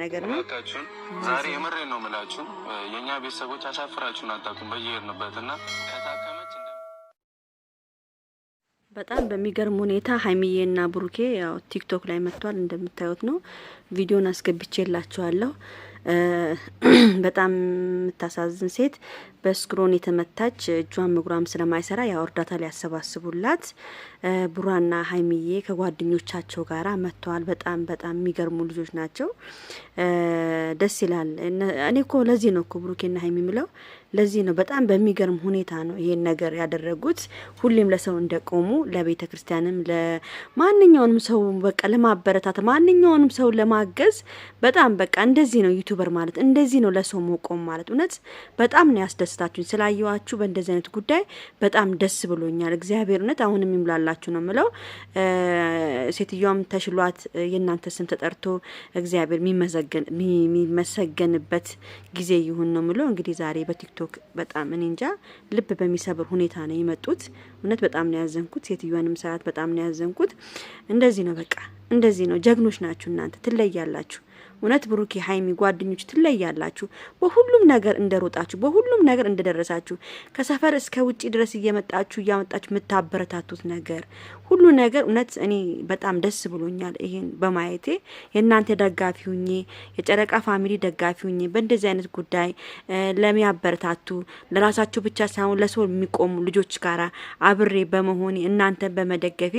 ነገር ነው። ዛሬ የምሬ ነው ምላችሁ የእኛ ቤተሰቦች አሳፍራችሁን አታውቁም በየሄድንበት እና ከታከመች በጣም በሚገርም ሁኔታ ሀይሚዬ ሀይሚዬና ብሩኬ ያው ቲክቶክ ላይ መጥቷል። እንደምታዩት ነው ቪዲዮን አስገብቼላችኋለሁ። በጣም የምታሳዝን ሴት በስክሮን የተመታች እጇን ምጉራም ስለማይሰራ ያው እርዳታ ሊያሰባስቡላት ቡራና ሀይሚዬ ከጓደኞቻቸው ጋራ መጥተዋል። በጣም በጣም የሚገርሙ ልጆች ናቸው። ደስ ይላል። እኔ እኮ ለዚህ ነው እኮ ብሩኬና ሀይሚ የሚለው ለዚህ ነው። በጣም በሚገርም ሁኔታ ነው ይሄን ነገር ያደረጉት። ሁሌም ለሰው እንደቆሙ ለቤተ ክርስቲያንም፣ ለማንኛውንም ሰው በቃ ለማበረታት ማንኛውንም ሰው ለማገዝ በጣም በቃ እንደዚህ ነው ዩቱበር ማለት እንደዚህ ነው ለሰው መቆም ማለት። እውነት በጣም ነው ያስደስታችሁኝ። ስላየዋችሁ በእንደዚህ አይነት ጉዳይ በጣም ደስ ብሎኛል። እግዚአብሔር እውነት አሁንም ይሙላላችሁ ነው ምለው። ሴትዮዋም ተሽሏት የእናንተ ስም ተጠርቶ እግዚአብሔር የሚመሰገንበት ጊዜ ይሁን ነው ምለው። እንግዲህ ዛሬ በቲክቶክ በጣም እኔ እንጃ ልብ በሚሰብር ሁኔታ ነው የመጡት። እውነት በጣም ነው ያዘንኩት። ሴትዮዋንም ሰዓት በጣም ነው ያዘንኩት። እንደዚህ ነው በቃ እንደዚህ ነው። ጀግኖች ናችሁ እናንተ ትለያላችሁ። እውነት ብሩኬ፣ ሀይሚ ጓደኞች ትለያላችሁ። በሁሉም ነገር እንደሮጣችሁ፣ በሁሉም ነገር እንደደረሳችሁ፣ ከሰፈር እስከ ውጭ ድረስ እየመጣችሁ እያመጣችሁ የምታበረታቱት ነገር ሁሉ ነገር እውነት እኔ በጣም ደስ ብሎኛል። ይሄን በማየቴ የእናንተ ደጋፊ ሁኜ የጨረቃ ፋሚሊ ደጋፊ ሁኜ በእንደዚህ አይነት ጉዳይ ለሚያበረታቱ ለራሳቸው ብቻ ሳይሆን ለሰው የሚቆሙ ልጆች ጋር አብሬ በመሆኔ እናንተን በመደገፌ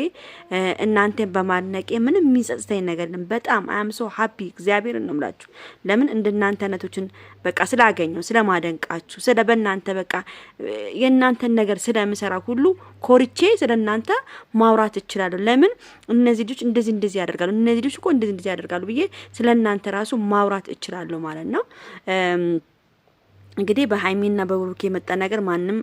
እናንተን በማድነቄ ምንም የሚጸጽተኝ ነገር በጣም አያም ሰው ሀፒ እግዚአብሔርን ነው ምላችሁ። ለምን እንደናንተ አይነቶችን በቃ ስላገኘው ስለማደንቃችሁ፣ ስለ በእናንተ በቃ የእናንተን ነገር ስለምሰራ ሁሉ ኮርቼ ስለ እናንተ ማውራት እችላለሁ። ለምን እነዚህ ልጆች እንደዚህ እንደዚህ ያደርጋሉ፣ እነዚህ ልጆች እኮ እንደዚህ እንደዚህ ያደርጋሉ ብዬ ስለ እናንተ ራሱ ማውራት እችላለሁ ማለት ነው። እንግዲህ በሀይሚና በብሩኬ የመጣ ነገር ማንም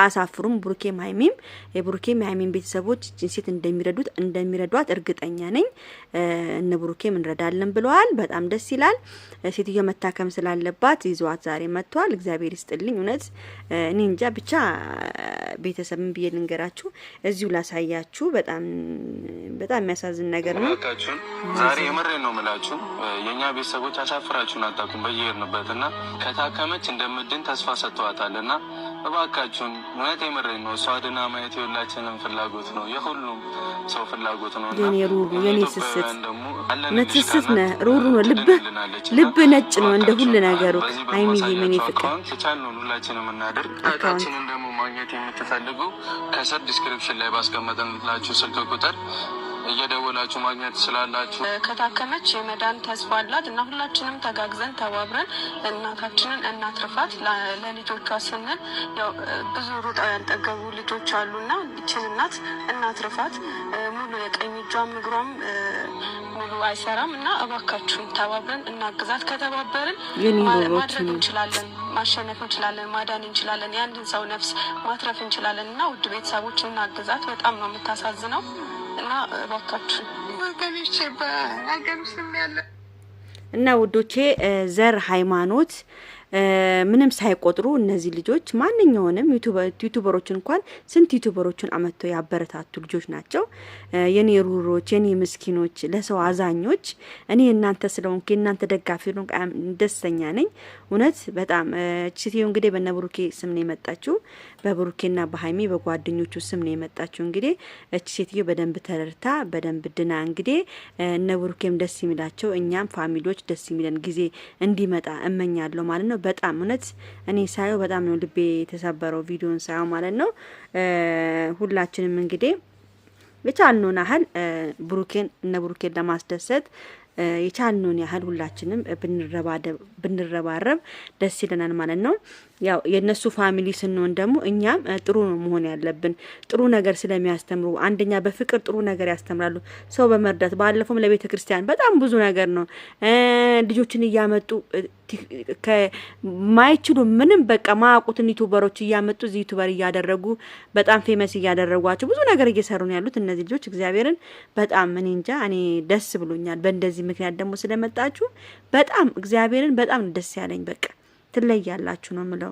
አያሳፍሩም። ብሩኬም ሀይሚም የብሩኬም የሀይሚም ቤተሰቦች እችን ሴት እንደሚረዱት እንደሚረዷት እርግጠኛ ነኝ። እነ ብሩኬም እንረዳለን ብለዋል። በጣም ደስ ይላል። ሴትዮ መታከም ስላለባት ይዘዋት ዛሬ መጥተዋል። እግዚአብሔር ይስጥልኝ። እውነት እኔ እንጃ ብቻ ቤተሰብን ብዬ ልንገራችሁ፣ እዚሁ ላሳያችሁ። በጣም በጣም የሚያሳዝን ነገር ነው። ዛሬ የምሬ ነው ምላችሁ የእኛ ቤተሰቦች አሳፍራችሁን አታውቁም በየሄድንበት እና ከታከመች እንደምድን ተስፋ ሰጥተዋታል እና እባካችሁን እውነት የምሬን ነው። እሷ ድና ማየት የሁላችንም ፍላጎት ነው፣ የሁሉም ሰው ፍላጎት ነው። የኔ ሩሩ የኔ ስስት መትስስት ነህ ሩሩ ነው። ልብ ልብ ነጭ ነው እንደ ሁሉ ነገሩ። አይሚዬ ምን ፍቅር የቻልነውን ሁላችንም እናድርግ። አካውንታችንን ደግሞ ማግኘት የምትፈልጉ ከስር ዲስክሪፕሽን ላይ ባስቀመጥንላችሁ ስልክ ቁጥር እየደወላችሁ ማግኘት ስላላችሁ ከታከመች የመዳን ተስፋ አላት እና ሁላችንም ተጋግዘን ተባብረን እናታችንን እናትርፋት ለልጆቿ ስንል ያው ብዙ ሩጣ ያልጠገቡ ልጆች አሉና ይችን እናት እናትርፋት። ሙሉ የቀኝ እጇም እግሯም ሙሉ አይሰራም እና እባካችሁን ተባብረን እናግዛት። ከተባበርን ማድረግ እንችላለን፣ ማሸነፍ እንችላለን፣ ማዳን እንችላለን፣ የአንድን ሰው ነፍስ ማትረፍ እንችላለን እና ውድ ቤተሰቦች እናግዛት። በጣም ነው የምታሳዝነው። እና ውዶቼ ዘር ሃይማኖት ምንም ሳይቆጥሩ እነዚህ ልጆች ማንኛውንም ዩቱበሮች እንኳን ስንት ዩቱበሮችን አመጥተው ያበረታቱ ልጆች ናቸው። የኔ ሩሮች፣ የኔ ምስኪኖች፣ ለሰው አዛኞች እኔ እናንተ ስለሆንኩ የእናንተ ደጋፊ ደስተኛ ነኝ። እውነት በጣም ችቴው እንግዲህ በነ ብሩኬ ስም ነው የመጣችው። በብሩኬና በሀይሜ በጓደኞቹ ስም ነው የመጣችው። እንግዲህ እች ሴትዮ በደንብ ተረድታ በደንብ ድና እንግዲህ እነ ብሩኬም ደስ የሚላቸው እኛም ፋሚሊዎች ደስ የሚለን ጊዜ እንዲመጣ እመኛለሁ ማለት ነው። በጣም እውነት እኔ ሳየው በጣም ነው ልቤ የተሰበረው ቪዲዮን ሳየው ማለት ነው። ሁላችንም እንግዲህ የቻልነውን ያህል ብሩኬን እነ ብሩኬን ለማስደሰት የቻልነውን ያህል ሁላችንም ብንረባረብ ደስ ይለናል ማለት ነው። ያው የእነሱ ፋሚሊ ስንሆን ደግሞ እኛም ጥሩ ነው መሆን ያለብን። ጥሩ ነገር ስለሚያስተምሩ አንደኛ በፍቅር ጥሩ ነገር ያስተምራሉ፣ ሰው በመርዳት ባለፈውም ለቤተ ክርስቲያን በጣም ብዙ ነገር ነው ልጆችን እያመጡ ማይችሉ ምንም በቃ ማያውቁትን ዩቱበሮች እያመጡ እዚህ ዩቱበር እያደረጉ በጣም ፌመስ እያደረጓቸው ብዙ ነገር እየሰሩ ነው ያሉት እነዚህ ልጆች። እግዚአብሔርን በጣም እኔ እንጃ እኔ ደስ ብሎኛል። በእንደዚህ ምክንያት ደግሞ ስለመጣችሁ በጣም እግዚአብሔርን በጣም ደስ ያለኝ በቃ ትለያላችሁ ነው ምለው።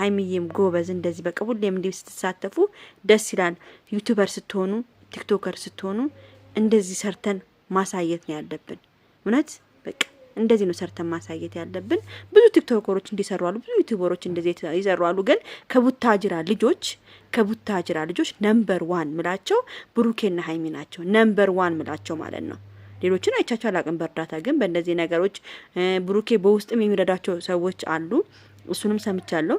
ሀይሚዬም ጎበዝ እንደዚህ በቃ ሁሌም እንዲህ ስትሳተፉ ደስ ይላል። ዩቱበር ስትሆኑ ቲክቶከር ስትሆኑ እንደዚህ ሰርተን ማሳየት ነው ያለብን እውነት በቃ እንደዚህ ነው ሰርተን ማሳየት ያለብን። ብዙ ቲክቶከሮች እንዲሰሩ አሉ፣ ብዙ ዩቲዩበሮች እንደዚህ ይሰሩ አሉ። ግን ከቡታጅራ ልጆች ከቡታጅራ ልጆች ነምበር ዋን ምላቸው ብሩኬና ሀይሚ ናቸው። ነምበር ዋን ምላቸው ማለት ነው። ሌሎችን አይቻቸው አላቅም በእርዳታ ግን በእነዚህ ነገሮች ብሩኬ በውስጥም የሚረዳቸው ሰዎች አሉ። እሱንም ሰምቻለሁ።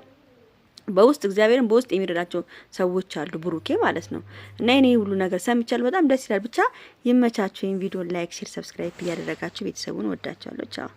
በውስጥ እግዚአብሔርን በውስጥ የሚረዳቸው ሰዎች አሉ፣ ብሩኬ ማለት ነው። እና እኔ ሁሉ ነገር ሰምቻለሁ፣ በጣም ደስ ይላል። ብቻ ይመቻችሁ። ይህን ቪዲዮ ላይክ፣ ሼር፣ ሰብስክራይብ እያደረጋችሁ ቤተሰቡን ወዳቸዋለሁ። ቻው